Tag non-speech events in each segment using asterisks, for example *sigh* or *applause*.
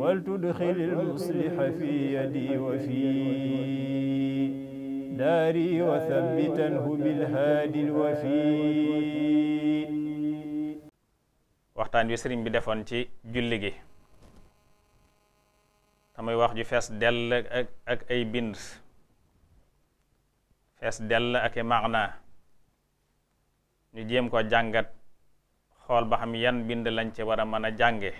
ولتدخل المصلح في يدي وفي داري وثبتنه بالهادي الوفي waxtaan wi sëriñ bi defoon ci julli gi tamuy wax ju fees dell ak ay bind fees dell ak i maana ñu jéem ko jàngat xool ba xam yan bind lañ ci war a mën a jànge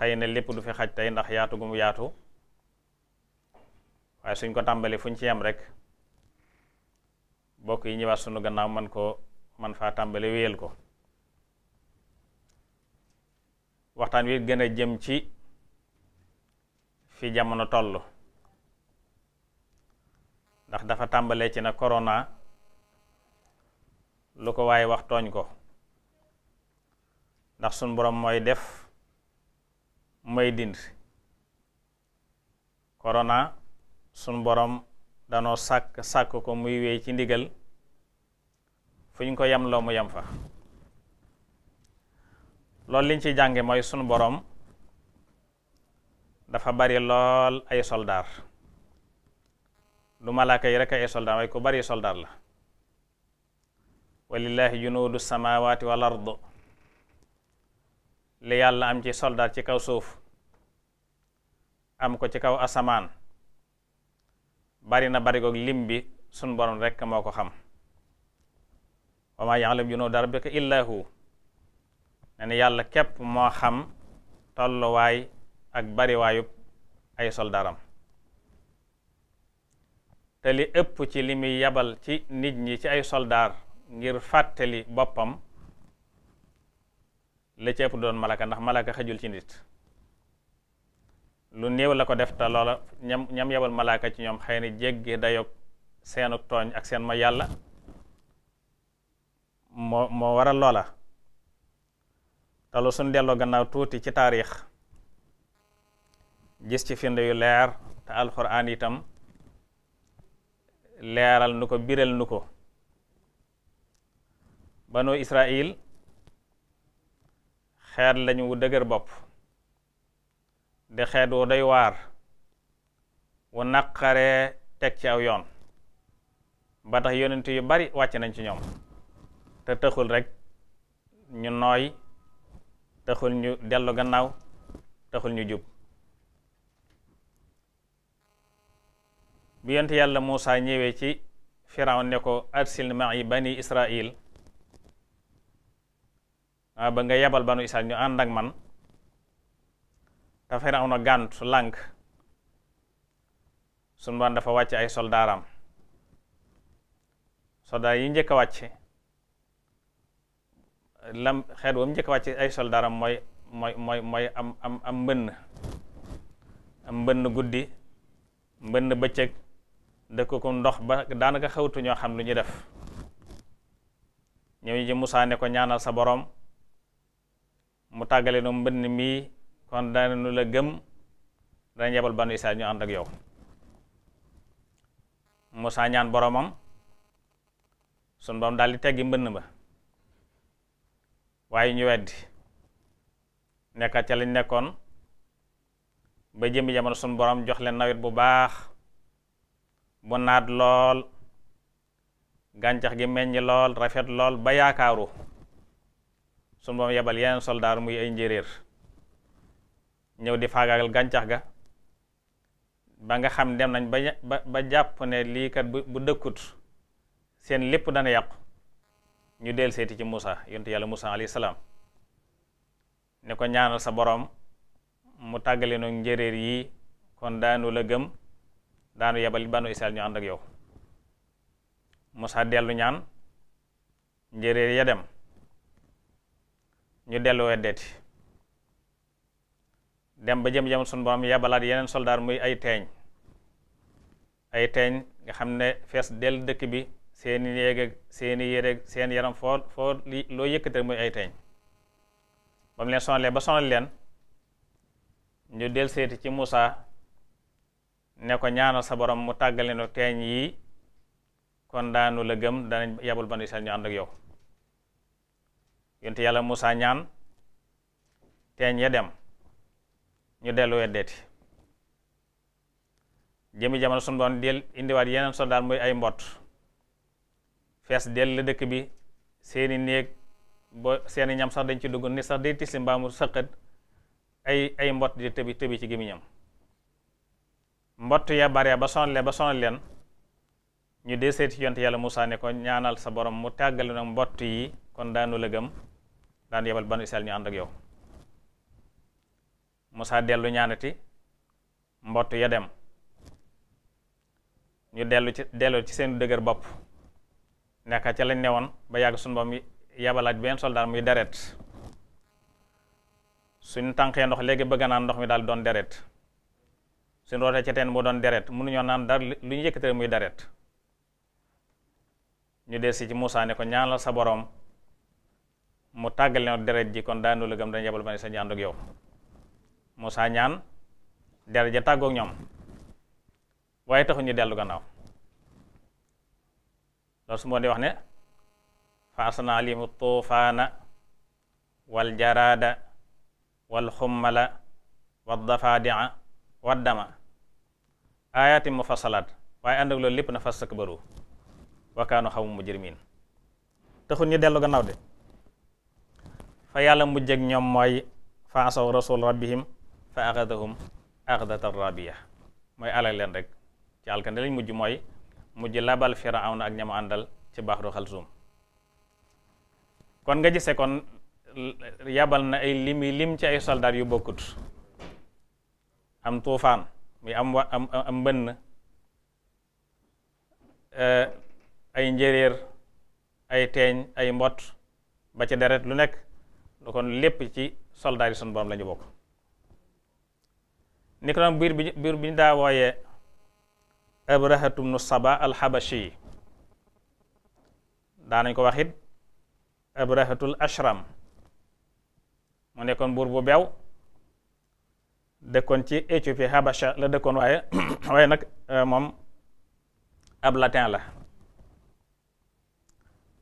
xëy na lépp du fi xaj tey ndax yaatu gu mu yaatu waaye suñ ko tàmbali fuñ ci am rek bokk yi ñëwaat sunu gannaaw man koo man faa tàmbali wéyal ko waxtaan wi gën a jëm ci fi jamono toll ndax dafa tàmbalee ci na koronaa lu ko waaye wax tooñ ko ndax sunu borom mooy def may dind korona sun boroom danoo sàkk sàkk ko muy wéy ci ndigal fu ñu ko yam loo mu yam fa loolu liñ ci jànge mooy sun boroom dafa bari lool ay soldaar du malaaka yi rek ay soldaar waaye ku bari soldaar la walillahi junuudu samawati wal ard li yàlla am ci soldaar ci kaw suuf am ko ci kaw asamaan bari na bari goog lim bi sun borom rekk moo ko xam wa maa ya'lamu junuuda rabbika illaa hu ne ni yàlla képp moo xam tolluwaay ak bariwaayub ay soldaaram te li ëpp ci li muy yabal ci nit ñi ci ay soldaar ngir fàttali boppam la ci ëpp doon malaka ndax malaka xëjul ci nit lu néew la ko def te loola ñam ñam yebal malaaka ci ñoom xëy na jéggi dayog seenu tooñ ak seen ma yàlla moo moo waral loola te suñ delloo gannaaw tuuti ci taarix gis ci find yu leer te alxuraan itam leeral nu ko biral nu ko banu Israil xeet lañu wu dëgër bopp di xeet wu doy waar wu naqaree teg ci aw yoon ba tax yonent yu bari wàcc nañ ci ñoom te taxul rek ñu nooy taxul ñu dellu gannaaw taxul ñu jub bi yonent yàlla Muusa ñëwee ci Firawn ne ko arsil yi bani Israil ba nga yebal banu Israil ñu ànd man Firawna gàntu lànk sunu Boroom dafa wàcce ay soldaaram soldaar yi njëkk a wàcce lam xeet wam njëkk a wàcce ay soldaaram mooy mooy mooy mooy am am mbënn am mbënn guddi mbënn bëccëg dëkk ko ndox ba daanaka xawtu ñoo xam lu ñu def ñëw ñi ci Musaa ne ko ñaanal sa boroom mu tàggale nu mbënn mii kon daanu la gëm danañ yebal banu Israel ñu ànd ak yow Musaa ñaan boromam sun borom daal di teggi mbënn ba waaye ñu weddi nekkat ca lañ nekkoon ba jëmbi jamono sun borom jox leen nawet bu baax bu naat lool gàncax gi meññ lool rafet lool ba yaakaaru sun borom yebal yeneen soldaar muy ay njéréer ñëw di faagaagal gàncax ga ba nga xam dem nañ ba ba jàpp ne lii kat bu dëkkut seen lépp dana yàqu ñu del seeti ci Moussa yontu yàlla Moussa alayhi salaam ne ko ñaanal sa boroom mu tàggale no njéréer yi kon daanu la gëm daanu yebal banu Israel ñu ànd ak yow Moussa dellu ñaan njéréer ya dem ñu dellu weddeeti dem ba jëm jamono sunu borom yabalaat yeneen soldaar muy ay teeñ ay teeñ nga xam ne fees dell dëkk bi seeni i seeni ak seen i yére seen yaram foo foo li loo yëkkate muy ay teeñ ba mu leen sonalee ba sonal leen ñu dell seeti ci Moussa ne ko ñaanal sa borom mu tàggale nu teeñ yi kon daanu la gëm danañ yabul banu Israel ñu ànd ak yow yonte yàlla musa ñaan teeñ ya dem ñu dellu weddeeti jëmi jamono suñu doon del indiwaat yeneen soldaar muy ay mbott fees del la dëkk bi seeni néeg ba seeni ñam sax dañ ci dugg ni sax day tisli mbaamu sëqat ay ay mbott di tëbi tëbi ci gémmiñam mbott yaa bare ba sonal ba sonal leen ñu dee seeti yonte yàlla Moussa ne ko ñaanal sa borom mu tàggal nag mbott yi kon daanu la gëm daan yebal banu Israel ñu ànd ak yow musaa dellu ñaanati mbott ya dem ñu dellu ci dellu ci seen dëgër bopp nekka ca lañ woon ba yàgg suñu boom yabalaat benn soldat muy deret suñu tànkee ndox léegi bëgg naan ndox mi daal doon deret suñ rootee ca teen mu doon deret mënuñoo naan dara lu ñu yëkkatee muy deret ñu des si ci musaa ne ko ñaanal sa boroom mu tàggal ne deret ji kon daanu la gëm dañ yebal ma ne sa ñaan ak yow Moussa ñaan deret ja tàggoog ñoom waaye taxu ñu dellu gannaaw loolu su moo di wax ne fa arsalna alayhim tuufaana wal jaraada wal xummala wad dafaadi'a wad dama ayaati mufassalaat waaye ànd ak loolu lépp na fastakbaru wa kaanu xawmu mujrimiin taxul ñu dellu de fa yàlla mujj ak ñoom mooy fa asaw rasul rabbihim fa axadahum axdatan rabiya mooy alal leen rek ci alkande lañ mujj mooy mujj labal firawna ak ñama àndal ci baxru xalsum kon nga gise kon yabal na ay limi lim ci ay soldaar yu bokkut am tuufaan muy am wa am am mbënn eh, ay njéréer ay teeñ ay mbott ba ci deret lu nekk kon lépp ci soldaar yi sun borom la bokk ni biir bi biir bi ñu daa wooyee abrahatum nu saba alxabashi daanañ ko waxit abrahatul ashram mu nekkoon buur bu beew dëkkoon ci Éthiopie Habasha la dëkkoon waaye *coughs* waaye nag euh, moom ab latin la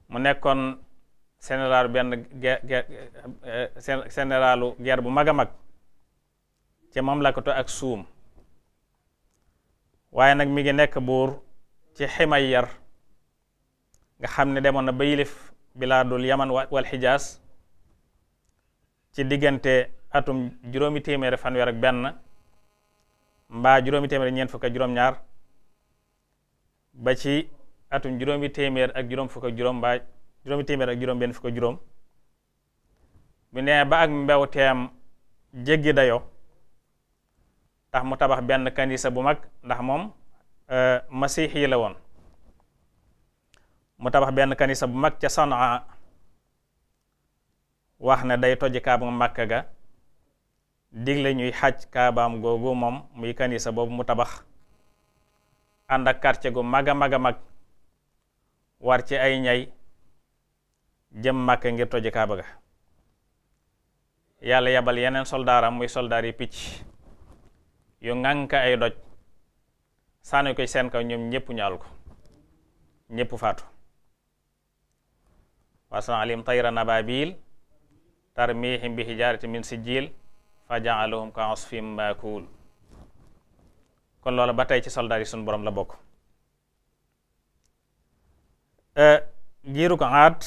mu nekkoon général benn généralu euh, guerre bu mag a mag te mamlakato ak suum waaye nag mi ngi nekk buur ci ximayyar nga xam ne demoon na ba yilif bilaadul yaman wal xijaas ci diggante atum juróomi téeméeri fanweer ak benn mbaa juróomi téeméer ñeent fukk juróom-ñaar ba ci atum juróomi téeméer ak juróom fukk ak benn fukk juróom bu ne ba ak mbew teem jéggi dayo tax mu tabax benn kanisa bu mag ndax moom euh, masiix yi la woon mu tabax benn kanisa bu mag ca Sanaa wax na day toj kaaba Makka ga digle ñuy xaj kaabaam googu moom muy kanisa boobu mu tabax ànd ak quartier gu mag a mag a mag war ci ay ñay jëm mak ngir toj kaaba ga yàlla yabal yeneen soldaaram muy soldaar yi picc yu ŋànk ay doj sànni koy seen kaw ñoom ñëpp ñu ko ñëpp faatu wasna alim tayra nababil tarmihim bi hijarati min sijil fa ja'alahum ka asfim maakul kon loola ba tey ci soldaar yi borom la bokk giiru ko aat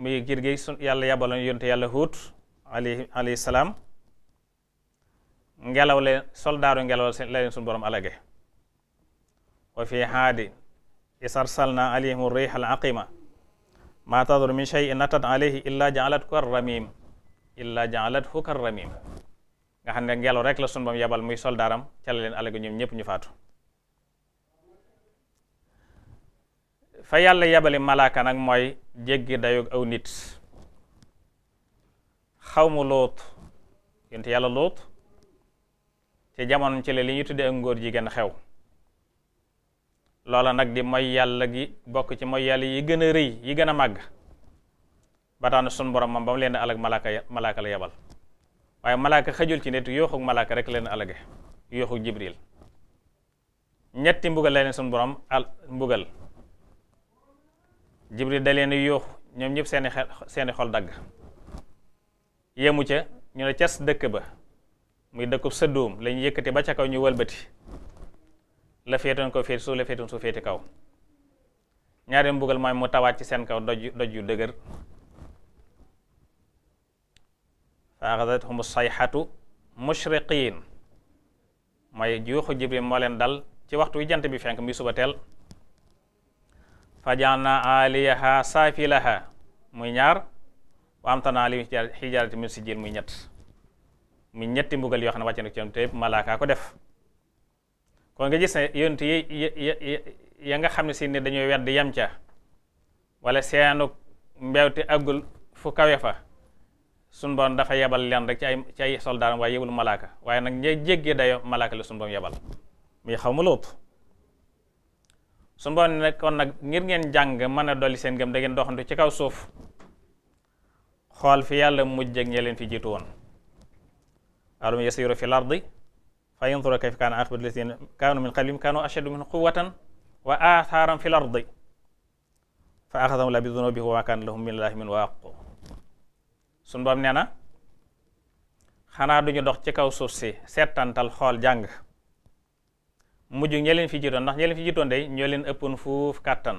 muy giir gi yàlla yabaloon yonte yàlla huut alayhi salaam ngelaw leen soldaaru ngelaw la leen suñu borom alage wa fi haadi isarsalna alayhim riix al ma tadur min shay'in atat alayhi illa ja'alat kar ramim illa ja'alat hu kar ngelaw rek la suñu borom yabal muy soldaaram ca la leen alage ñoom ñëpp ñu faatu fa yàlla yabali malaaka nag mooy jéggi dayoog aw nit xawmu luut yonent yàlla luut ci jamono ci la li ñu tuddee ak ngóor jigéen xew loola nag di mooy yàlla gi bokk ci mooy yàlla yi gën a rëy yi gën a màgg ba tax na sun borom moom ba mu leen di alag malaaka malaaka la yebal waaye malaaka xëjul ci nit yooxug malaaka rek leen alage yooxug jibril ñetti mbugal la leen sun borom al mbugal jibril da leen yooxu ñoom ñëpp seeni xel seeni xol dagg yemu ca ñu ne cas dëkk ba muy dëkkub sëdduum la ñu yëkkati ba ca kaw ñu wëlbati la féetoon ko féeti suuf la féetoon suuf féeti kaw ñaari mbugal mooy mu tawaat ci seen kaw doj doj yu dëgër fa axadathum sayxatu mushriqin mooy juuxu jibril moo dal ci waxtu wi jant bi fenk muy suba teel fajalna aliyaha saafilaha muy ñaar wa amtana alayhim hijaratan min sijjiil muy ñett mu ñetti mbugal yoo xam ne wàcce na ci yonent te ko def nga gis ne yonent ya nga xam ne si ne dañuy wedd yem ca wala seenu mbewte aggul fu kawe fa sun borom dafa yebal leen rek ci ay ci ay soldaaram waaye yebul malaaka waaye nag ñay jéggi dayo malaaka la sun borom yebal muy xaw ma lóot sun borom ne kon nag ngir ngeen jàng mën a dolli seen gëm da ngeen doxantu ci kaw suuf xool fi yàlla mu ak ñi leen fi jiitu woon alum yasiru fi lardi fa yanzura kayfa kaana aqibatu lazina kaanu min qablihim kaanu ashaddu minhum quwwatan wa athaaran fi lardi fa axadahum la bi dunubihim wa kaana lahum min llaahi min waaq suñ boom nee na xanaa duñu dox ci kaw suuf si seetantal xool jàng mujj ñe fi jiitoon ndax ñe fi jiitoon day ñoo leen ëppoon fuuf kàttan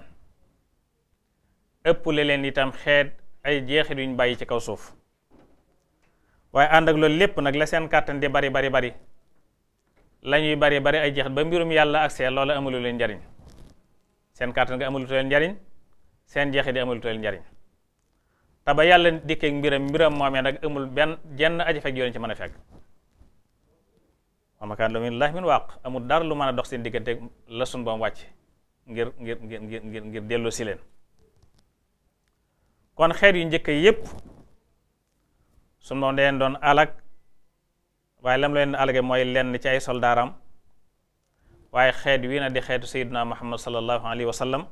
ëpp le leen itam xeet ay jeexit yuñ bàyyi ci kaw suuf waaye ànd ak loolu lépp nag la seen kàttan di bari bari bari lañuy bari bari ay jeex ba mbirum yàlla ak see loola amulu leen njariñ seen kàttan ga amulutu leen njariñ seen jeexit di amulutu leen njariñ te ba yàlla dikkee mbiram mbiram moomee nag amul benn jenn aji fekk yoon ci mën a fekk wa makaan lu min laah min waaq amul dara lu mën a dox seen diggante la sun boom wàcc ngir ngir ngir ngir ngir delloo si leen kon xeet yu njëkk yépp suñu moom leen doon alag waaye lam leen alage mooy lenn ci ay soldaaram waaye xeet wii na di xeetu sayyidina muhammad sallallahu alayhi wa sallam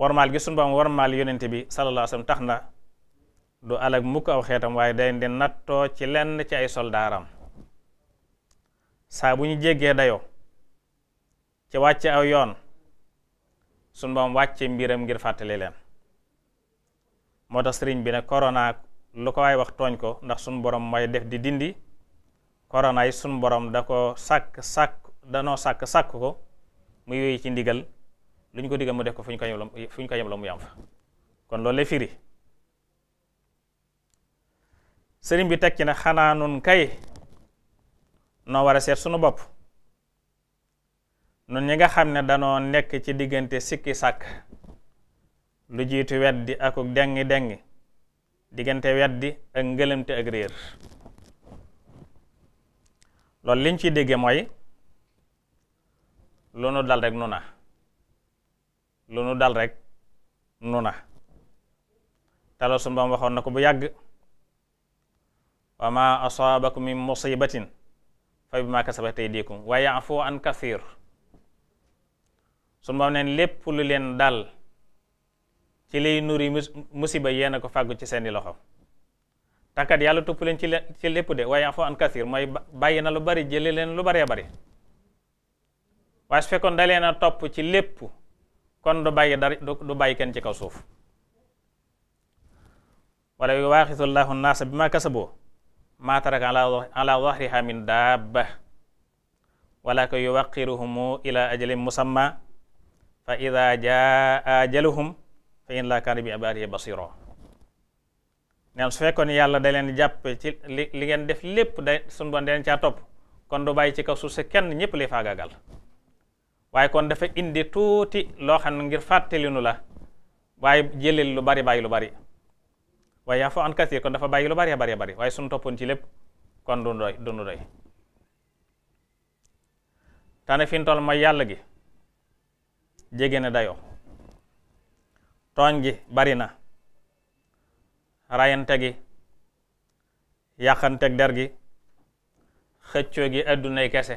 warmaal gi suñu boom warmaal bi sallallahu alayhi tax na du alag mukk aw xeetam waaye day di nattoo ci lenn ci ay soldaaram saa bu ñu jéggee dayo ci wàcce aw yoon suñu boom mbiram ngir fàttali leen moo tax sëriñ bi ne korona lu ko waay wax tooñ ko ndax suñ borom mooy def di dindi korona yi suñ borom da ko sàkk sàkk danoo sàkk sàkk ko muy wéy ci ndigal lu ñu ko digal mu def ko fu ñu ko yemloo fu ko yemloo mu yam kon loole firi sëriñ bi teg ci ne xanaa nun kay noo war a seet sunu bopp nun ñi nga xam ne danoo nekk ci diggante sikki sàkk lu jiitu di akuk dengi dengi diggante weddi ak ngëlëmte ak réer loolu liñ ci dégge mooy lu nu dal rek nu na lu nu dal rek nu na tala sun bam waxoon na ko bu yàgg wa ma asaabakum min musibatin fa bi ma kasabat aydikum wa ya'fu an kathir sun bam neen lépp lu leen dal ci lay nuri musiba yéena ko fàggu ci seeni loxo takat yàlla topp leen ci ci lépp de waaye foo an kasir mooy bàyyi na lu bari jële leen lu baree bari waaye su fekkoon da leen topp ci lépp kon du bàyyi dara du bàyyi kenn ci kaw suuf wala yu waaxisullahu naasa bi ma kasaboo maa taraka ala zahriha min daaba wala ko yuwaqiruhumu ila ajalin musamma fa ida jaa ajaluhum fa in laa kaana bi ibaadihi basira neen su fekkoon yàlla da leen jàpp ci li li ngeen def lépp da suñu bon deen caa topp kon du bàyyi ci kaw suuf si kenn ñëpp lay faagaagal waaye kon dafa indi tuuti loo ne ngir fàttali nu la waaye jëlil lu bari bàyyi lu bari waaye yaa foo an kasir kon dafa bàyyi lu bari bari bari waaye suñu toppoon ci lépp kon du doy du tane fi mu toll mooy yàlla gi jege na dayoo ton gi bari na rayante gi yàqante der gi xëccoo gi addunay kese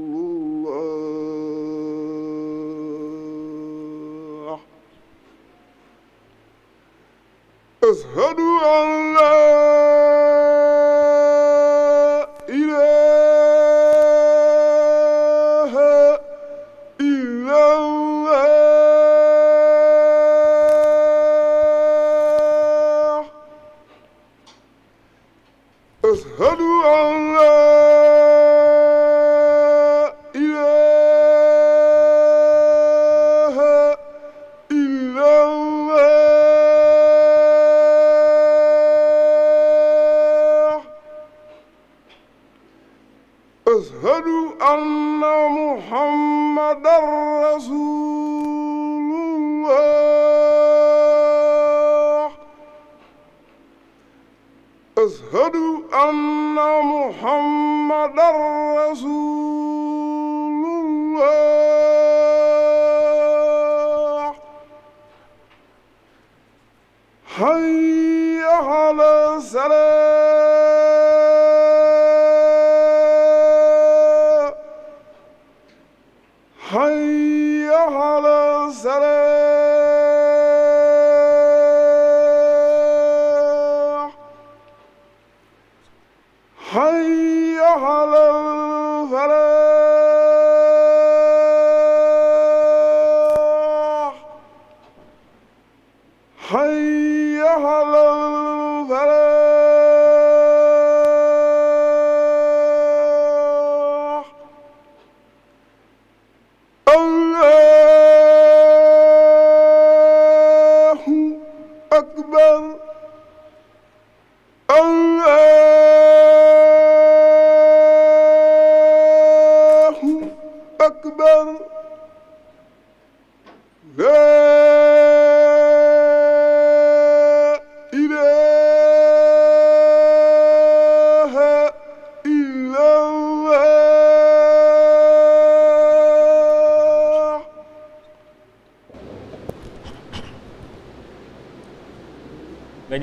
أشهد أن لا رسول الله أشهد أن محمدا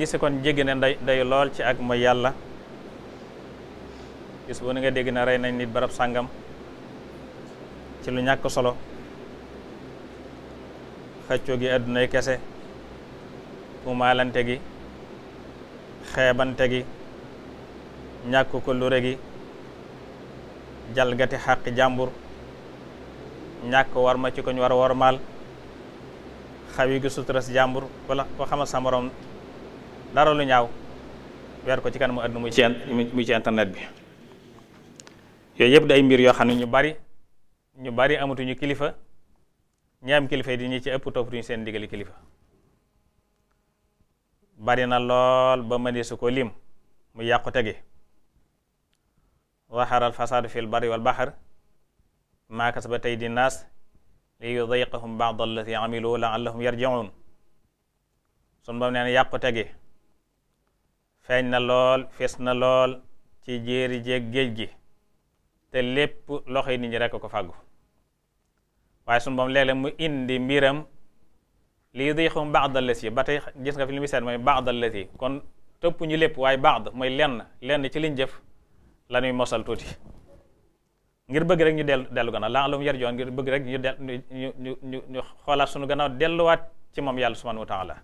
gis kon jéggi na day day lool ci ak mooy yàlla gis bu ni nga dégg na rey nañ nit barab sàngam ci lu ñàkk solo xëccoo gi addunay kese umaalante gi xeebante gi ñàkk ko lure gi jalgati xàqi jàmbur ñàkk warma ci koñ war a warmaal xawi gi suturas jàmbur wala ko xamal sa morom dara lu ñaaw weer ko ci kanamu àdduna muy ci ci internet bi yooyu yëpp di ay mbir yoo xam ne ñu bari ñu bari amatuñu kilifa ñi am kilifa yi di ñu ëpp toppatuñu seen ndigali kilifa bari na lool ba mënee su ko lim mu yàqu tege waxaral fasaadu fil barri wal baxar maa kasabat aydi naas li yudiqahum ba'da allati amilu la'allahum yarji'un sun bam nee na tege feeñ na lool fees na lool ci jéeri jeeg géej gi te lépp loxo yi nit ñi rek ko fàggu waaye sunu boom léeg-léeg mu indi mbiram lii di xum baax dal si ba tey gis nga fi li muy seet mooy baax dal si kon tëpp ñu lépp waaye baax mooy lenn lenn ci liñ jëf la ñuy mosal tuuti ngir bëgg rek ñu dellu dellu gannaaw laa lum yar joon ngir bëgg rek ñu ñu ñu ñu xoolaat sunu gannaaw delluwaat ci moom yàlla subhanahu wa taala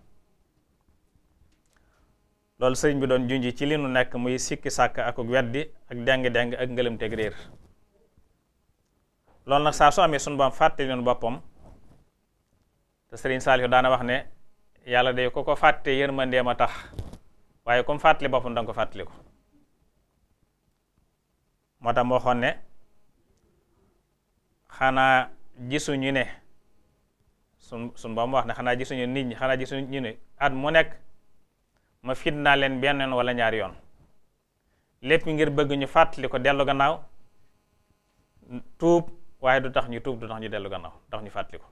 loolu sëriñ bi doon junj ci li nu nekk muy sikki sàkk ak weddi ak deng-deng ak ngëlëmteeg réer loolu nag saa su amee sunu boom fàtte noonu boppam te sëriñ Saalihu daana wax ne yàlla day ko ko fàtte yërmandeem a tax waaye comme fàttali boppam danga ko fàttali ko moo tax moo xoon ne xanaa gisuñu ne sun sun boom wax ne xanaa gisuñu nit ñi xanaa gisuñu ne at mu nekk ma fitnaa leen benn yoon wala ñaari yoon lépp ngir bëgg ñu fàttali ko dellu gannaaw tuub waaye du tax ñu tuub du tax ñu dellu gannaaw tax ñu fàttali ko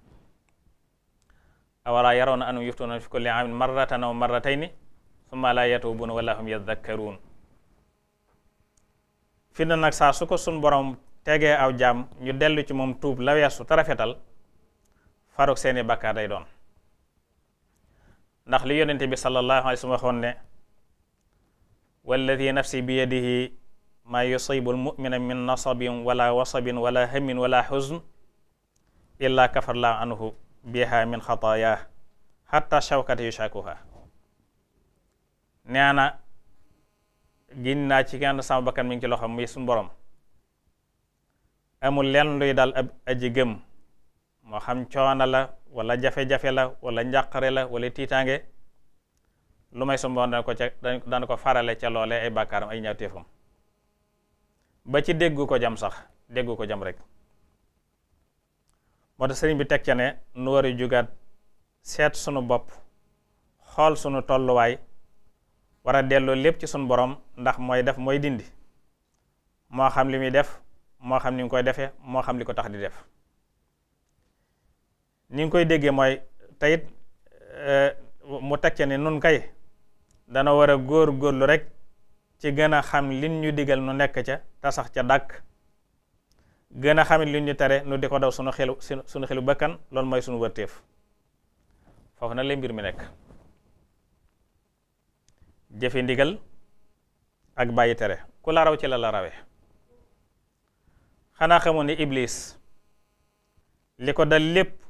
awalaa yarawna annahum yuftanuuna fi kulli aamin marratan ni marratayni summa laa yatuubuuna wala hum yadakkaruun fitna nag saa su ko sun borom tegee aw jaam ñu dellu ci moom tuub la su te rafetal faruk seeni bàkkaar doon ndax li yonente bi sallallahu alayhi wa sallam waxoon ne walladi nafsi bi yadihi maa yusibu lmumina min nasabin wala wasabin wala hamin wala xusn illa kafar la anhu biha min xataaya xata shawkati yushakuha nee na gin naa ci kenn sama bakkan mi ngi ci loxo muy suñu borom amul lenn luy dal ab aji gëm moo xam coona la wala jafe-jafe la wala njàqare la wala tiitaange lu may sumboon dana ko ca dana ko farale ca loole ay bàkkaaram ay ñaawteefam ba ci déggu ko jam sax déggu ko jam rek moo tax sëriñ bi teg ca ne nu war a jugaat seet sunu bopp xool sunu tolluwaay war a delloo lépp ci sunu borom ndax mooy def mooy dindi moo xam li muy def moo xam ni nga koy defee moo xam li ko tax di def ni nga koy déggee mooy teyit eh, mu teg ca ne nun kay dana war a góor-góorlu rek ci gën a xam lin ñu digal nu nekk ca te sax ca dàkk gën a xamit lin ñu tere nu di ko daw sunu xelu sunu xelu bakkan loolu mooy sunu wërteef foofu nag lay mbir mi nekk jëfe ndigal ak bàyyi tere ku la raw ci la la rawe xanaa xamoon ne iblis li ko dal lépp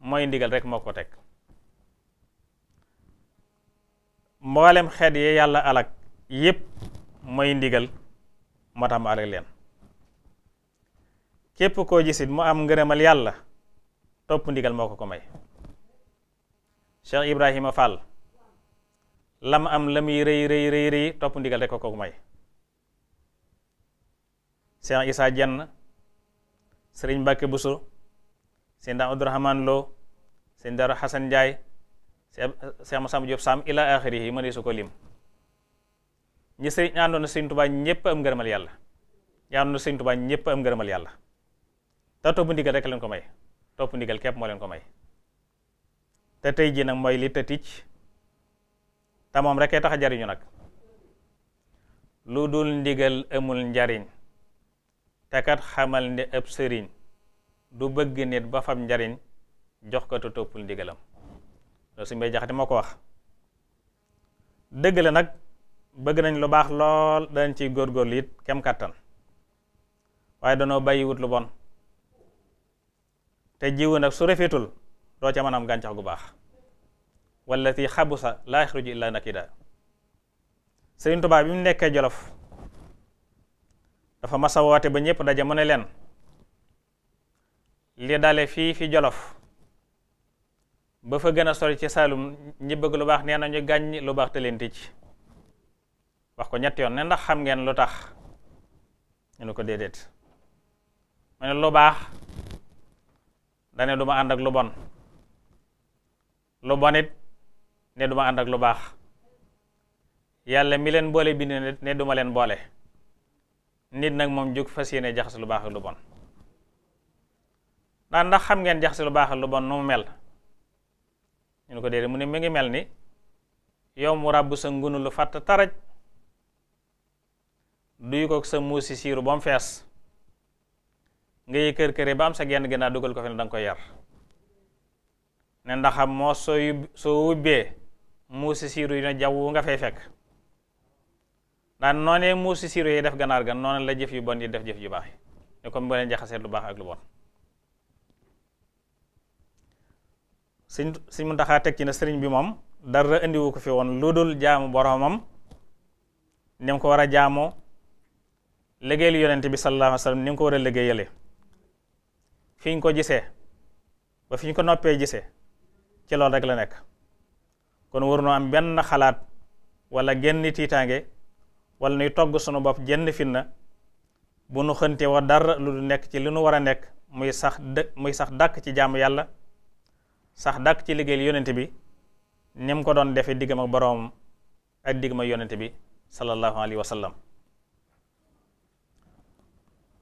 mooy ndigal rek moo ko teg mboolem xeet yee yàlla alak yépp mooy ndigal moo tax mu alak leen képp koo gisit mu am ngërëmal yàlla topp ndigal moo ko ko may Cheikh Ibrahima Fall lam am la muy rëy rëy rëy topp ndigal rek ko ko may Cheikh Issa Dieng Sëriñ Mbàkke Buso seen daan Abdourahmane Lo seen dara Xasan Njaay Seex Masamba Jóob Saam ila axiri yi mënee su ko lim ñi sëriñ àndoon na sëriñ Tuubaa ñëpp am ngërëmal yàlla ñi àndoon na sëriñ Tuubaa ñëpp am ngërëmal yàlla te topp ndigal rek leen ko may topp ndigal képp moo leen ko may te tey ji nag mooy li te tic te moom rek tax a jariñu nag lu dul ndigal amul njariñ te kat xamal ne ab sëriñ du bëgg nit ba fam njariñ jox ko te toppul ndigalam loolu suñu bay jaxati moo ko wax dëgg la nag bëgg nañ lu baax lool dañ ciy góorgóorlu it kem kàttan waaye danoo bàyyi lu bon te jiwu nag su rafetul doo ca mën gàncax gu baax xabu sa laa yaxruju illa nakida Sëriñ Tuubaa bi mu nekkee Jolof dafa masa woote ba ñëpp daje mu ne leen li dale fii fi jolof ba fa gën a sol ci saalum ñi bëgg lu baax nee nañu gàññ lu baax te leen tëj wax ko ñetti yoon ne ndax xam ngeen lu tax ñu ne ko déedéet mu lu baax dane du ma ànd ak lu bon lu bonit ne du ànd ak lu baax yàlla mi leen boole bind ne du ma leen boole nit nag moom jóg fas yéene jaxas lu baax ak lu bon daan ndax xam ngeen jaxase lu baax lu bon nu mu mel ñu ne ko déedéet mu ne mi ngi mel ni yow mu ràbb sa ngunu lu fàtt taraj duy ko sa muusi siiru ba mu fees ngay kër këre ba am sa genn gannaaw dugal ko fi ne da nga koy yar ne ndaxam moo soo soo muus muusi siiru yi ne jaww nga fay fekk daan noonee muusi siiru yi def ganaar gan noonu la jëf yu bon yi def jëf yu baax yi ne comme bu leen jaxasee lu baax ak lu bon sëñ sëñ Muntaxa teg ci na sëriñ bi moom dara indiwu ko fi woon lu dul jaamu boromam ni mu ko war a jaamoo liggéeyal yonent bi sallallahu alayhi wa ni mu ko war a liggéeyale fi ko gisee ba ko noppee gisee ci loolu rek la nekk kon waruñoo am benn xalaat wala genn tiitaange wala nuy togg sunu bopp jenn fitna bu nu xëntee wa dara lu du nekk ci lu nu war a nekk muy sax dë muy sax dàkk ci jaamu yàlla sax dàkk ci liggéeyal yonent bi ni ko doon defee diggam boroom ak diggam ak yonent bi sallallahu alayhi wa sallam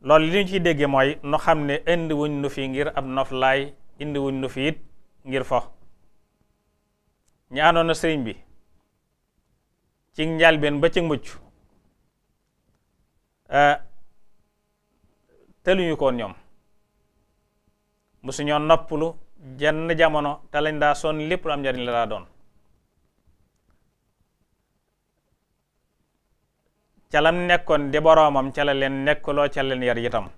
loolu li ñu ciy déggee mooy nu xam ne indi wuñ nu fi ngir ab noflaay indi wuñ nu fi it ngir fo ñu àndoon na sëriñ bi ci njalbeen ba ci mucc eh, teluñu koon ñoom mosu ñoo noppalu jenn jamono te lañ daa sonn lépp am njariñ la daa doon ca nekkoon di boroomam ca leen nekkuloo ca leen yar itam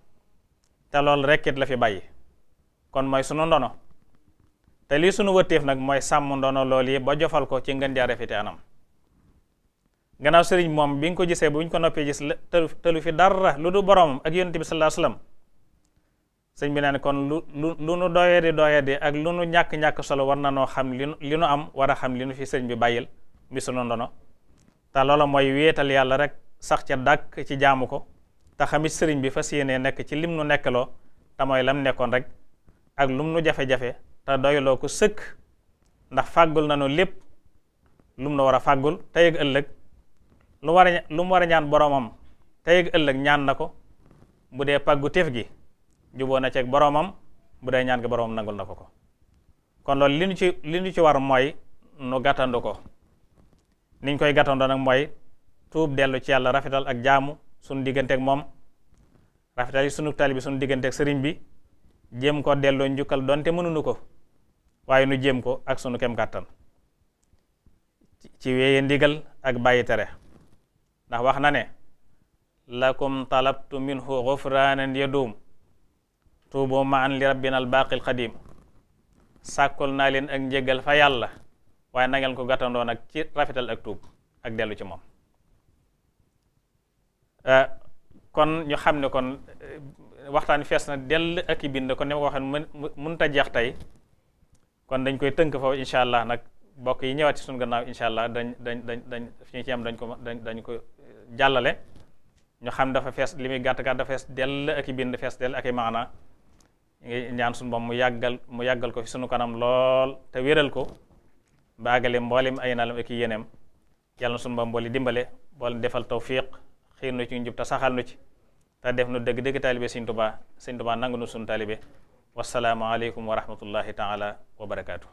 te loolu rekkit la fi bàyyi kon mooy sunu ndono te lii sunu wëttéef nag mooy sàmm ndono lool yi ba jofal ko ci ngën jaar rafete anam gannaaw sëriñ moom bi nga ko gisee bu ñu ko noppee gis tëlu fi dara lu du boroomam ak yonent bi sallallahu alayhi sëñ bi naan kon lu lu nu doyee di ak lu nu ñàkk-ñàkk solo war na noo xam li li nu am war a xam li nu fi sëñ bi bàyyil mi sunu ndono te loola mooy wéetal yàlla rek sax ca dàkk ci jaamu ko te xamit sëriñ bi fa yéenee nekk ci lim nu nekkaloo te mooy lam nekkoon rek ak lum nu jafe-jafe te doyloo ko sëkk ndax fàggul na nu lépp lum nu war a fàggul te ak ëllëg lu war war a ñaan boromam tey ak ëllëg ñaan na ko bu dee pàggu teef gi juboo na ceeg boroomam bu dee ñaan gi boroomam nangul na ko ko kon loolu li ñu ci li ñu ci war mooy nu gàttandu ko niñ koy gàttandoo nag mooy tuub dellu ci yàlla rafetal ak jaamu suñu digganteeg moom rafetal yi sunu taalibi bi suñu digganteeg sëriñ bi jéem ko delloo njukkal doonte mënuñu ko waaye nu jéem ko ak sunu kem kàttan ci wéye ndigal ak bàyyi tere ndax wax na ne lakum talabtu minhu ghufranan yadum tuuboo ma an li rabbina al baaqil xadiim sàkkul naa leen ak njegal fa yàlla waaye na ngeen ko gàttandoo nag ci rafital ak tuub ak dellu ci moom euh, kon ñu xam ne kon euh, waxtaan fees na dell ak i bind kon ne ma ko waxee mënut a jeex tey kon dañ koy tënk foofu incha allah nag bokk yi ñëwaat ci suñu gannaaw incha allah dañ dañ dañ dañ fi ñu ci am dañ ko dañ ko euh, jàllale ñu xam dafa fees li muy gàtt gàtt dafa fees dell ak i bind fees dell ak i maana ngi ñaan suñu boom mu yàggal mu yàggal ko fi sunu kanam lool te wéral ko baagale mboolem ay naalam ak yéeneem yàlla na sunu boom dimbale boole defal tawfiq xiir nu ci njub ta saxaal nu ci te def nu dëgg-dëgg taalibe Sëñ Tuubaa Sëñ Tuubaa nangu nu sunu taalibe wasalaamu aleykum wa rahmatullahi taala wa barakaatu.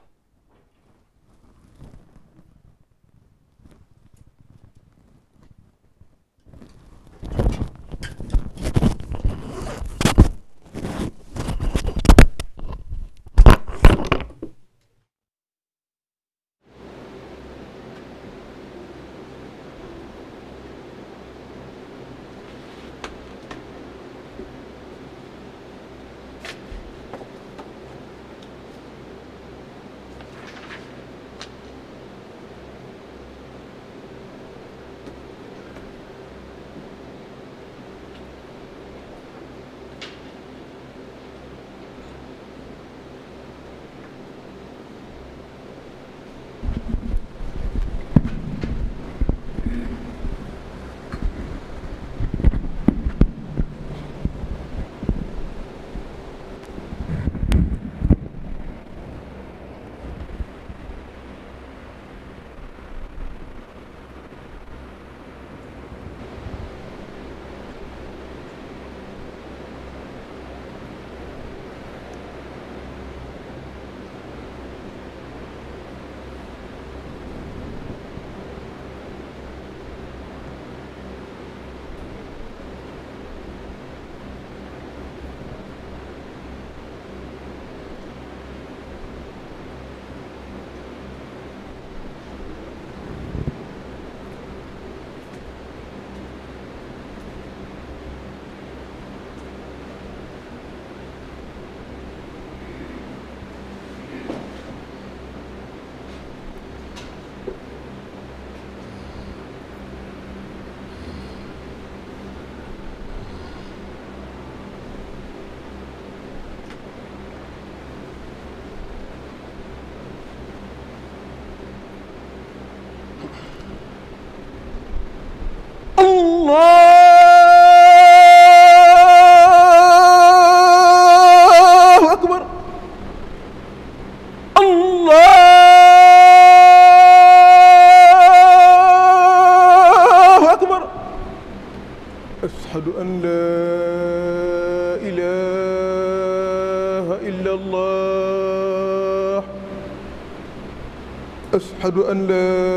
allahu akbar allahu akbar ashhadu an laa ilaaha illa allah ashhadu an laa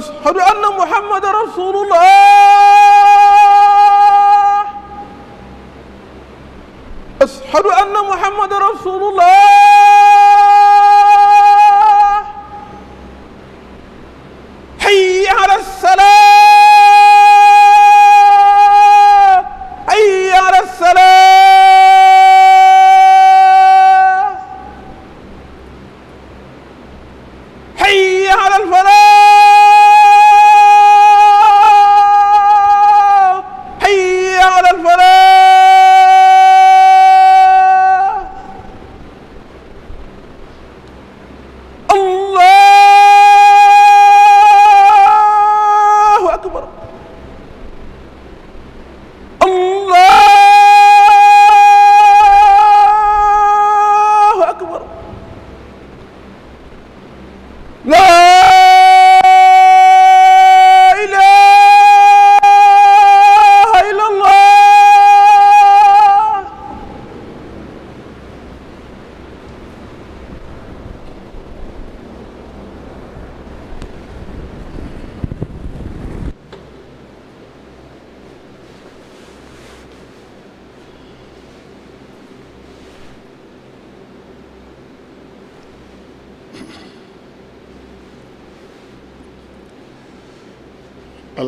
ashhadu anna muhammadan rasulullah ashhadu anna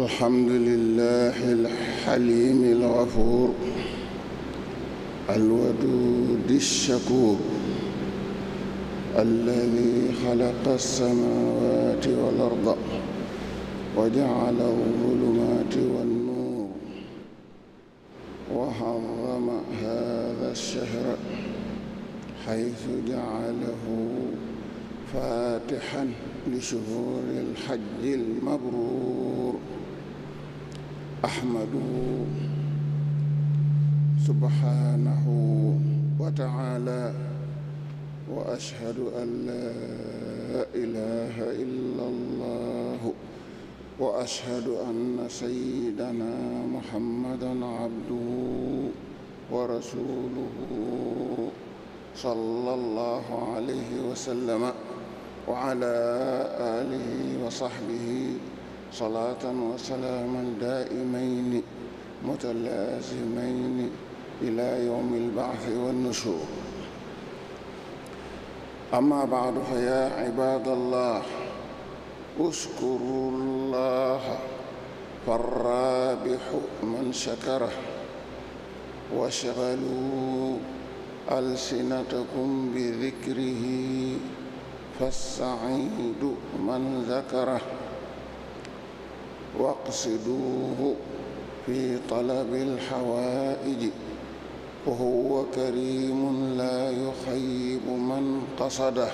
الحمد لله الحليم الغفور الودود الشكور الذي خلق السماوات والأرض وجعل الظلمات والنور وحرم هذا الشهر حيث جعله فاتحا لشهور الحج المبرور ahmaduhu subhaanahu wa taala wa ashhadu an laa ilaha illa allahu wa ashhadu anna sayyidana muhammadan abduhu wa rasuluhu sallallahu alayhi wa sallama wa ala alihi wa sahbihi salaatan wa salaaman daa'imayni mutalaazimayni ilaa yawmi l-ba'thi wan-nushuur ammaa ba'du fa yaa ibaadallaah uskuru llaaha fa-r-raabixu man shakarahu washghaluu alsinatakum bi dikrihi fa-s-sa'iidu man zakarahu واقصدوه في طلب الحوائج وهو كريم لا يخيب من قصده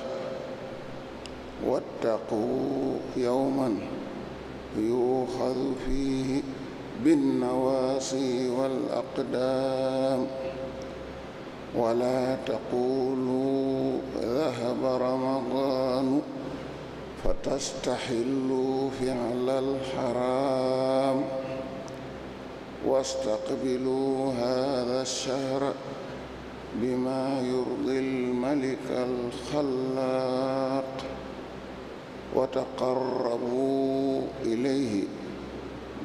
واتقوا يوما يؤخذ فيه بالنواصي والأقدام ولا تقولوا ذهب رمضان فتستحلوا فعل الحرام واستقبلوا هذا الشهر بما يرضي الملك الخلاق وتقربوا إليه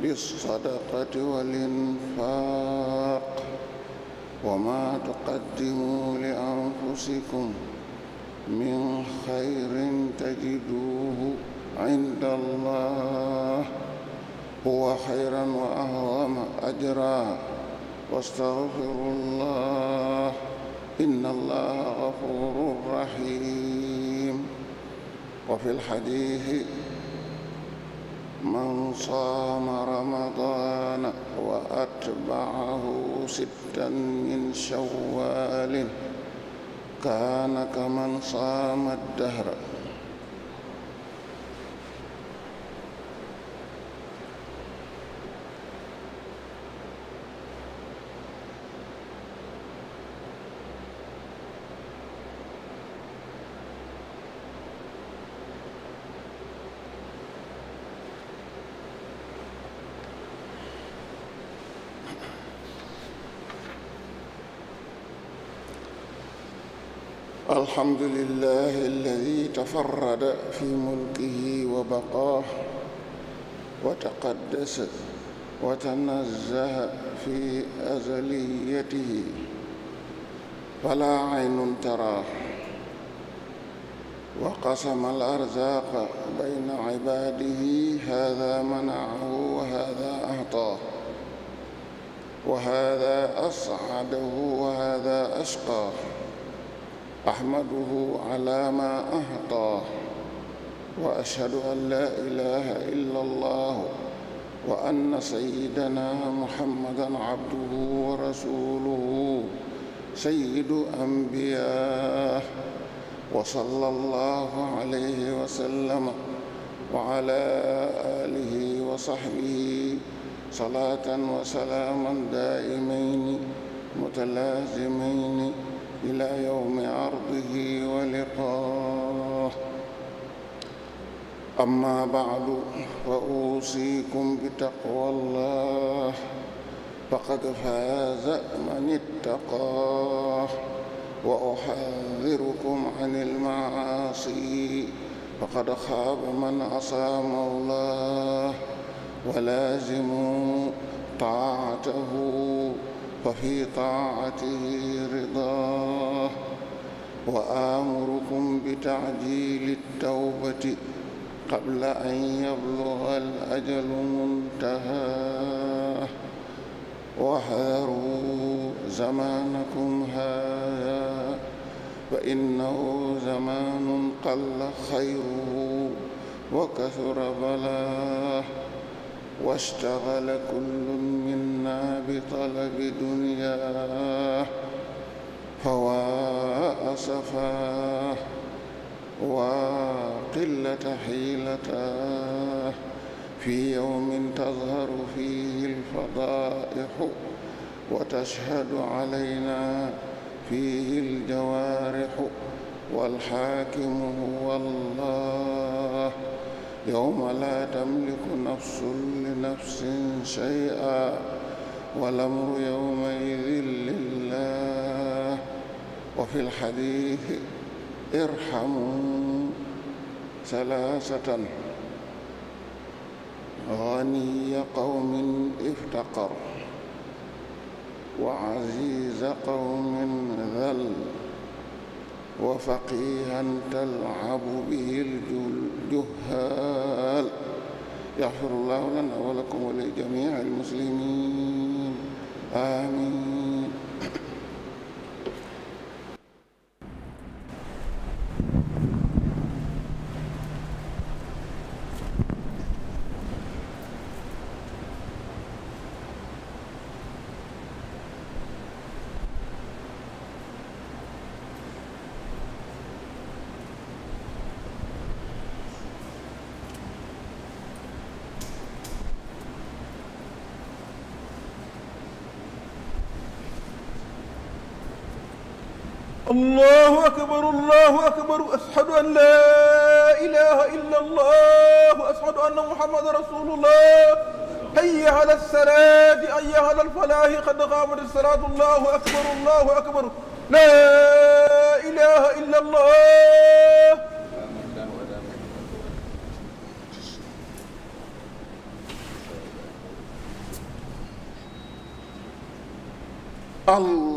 بالصدقة والإنفاق وما تقدموا لأنفسكم من خير تجدوه عند الله هو خيرا وأعظم أجرا واستغفروا الله إن الله غفور رحيم وفي الحديث من صام رمضان وأتبعه ستا من شوال kaana kaman saama dahra الحمد لله الذي تفرد في ملكه وبقاه وتقدس وتنزه في أزليته فلا عين تراه وقسم الأرزاق بين عباده هذا منعه وهذا أعطاه وهذا أسعده وهذا أشقاه أحمده على ما أعطاه وأشهد أن لا إله إلا الله وأن سيدنا محمدا عبده ورسوله سيد أنبياه وصلى الله عليه وسلم وعلى آله وصحبه صلاة وسلاما دائمين متلازمين إلى يوم عرضه ولقاه أما بعد فأوصيكم بتقوى الله فقد فاز من اتقاه وأحذركم عن المعاصي فقد خاب من عصى مولاه ولازموا طاعته وفي طاعته رضاه وآمركم بتعجيل التوبة قبل أن يبلغ الأجل منتهاه واحذروا زمانكم هذا فإنه زمان قل خيره وكثر بلاه واشتغل كل منا بطلب دنياه فواء سفاه وقلة حيلتاه في يوم تظهر فيه الفضائح وتشهد علينا فيه الجوارح والحاكم هو الله yawma laa tamliku nafsun li nafsin shay'an wal amru yawma'idhin lillaah wa fil hadiith irhamu salaasatan ghaniya qawmin iftaqar wa aziiza qawmin dhal وفقيها تلعب به الجهال يغفر الله لنا ولكم ولجميع المسلمين آمين allahu akbar allahu akbar ashhadu an la ilaha illa allah ashhadu anna muhammadan rasulullah hayya ala salaati hayya ala falaahi qad qaamat salaatu allahu akbar allahu akbar la ilaha illa allah Allah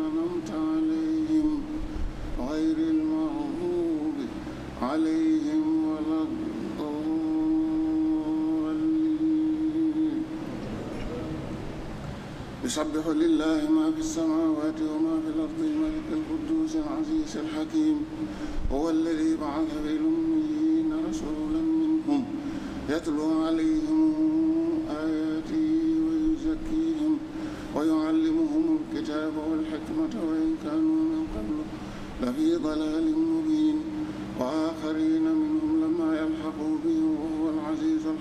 عليهم ولا الضالين يسبح لله ما في السماوات وما في الأرض الملك القدوس العزيز الحكيم هو الذي بعث في الأميين رسولا منهم يتلو عليهم آياته ويزكيهم ويعلمهم الكتاب والحكمة وإن كانوا من قبل لفي ضلال مبين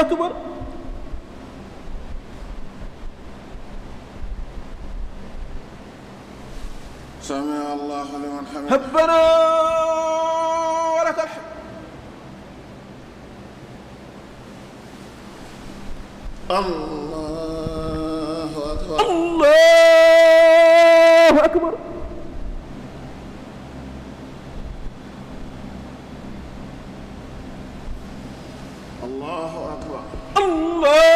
akbar سمع الله لمن حمده ربنا ولك الحمد الله أكبر الله أكبر allahu akbar allah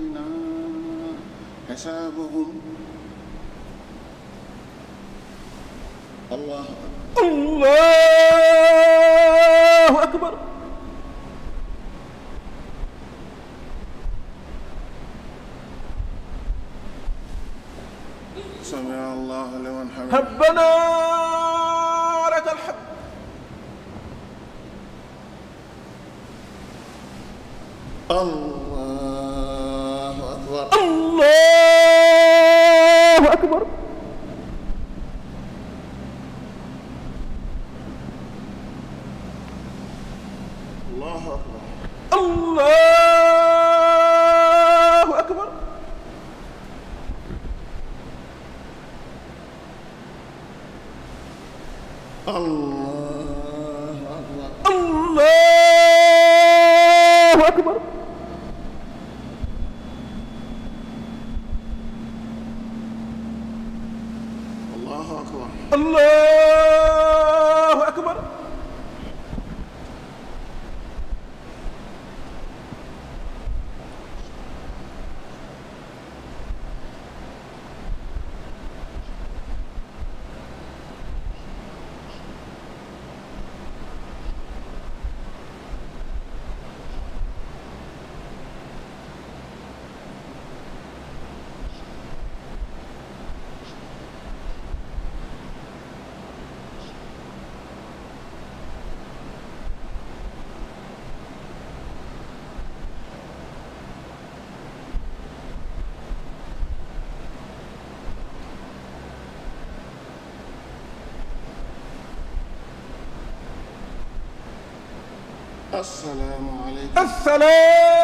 xisaabahum allahu akbar allahu akbar الله السلام عليكم السلام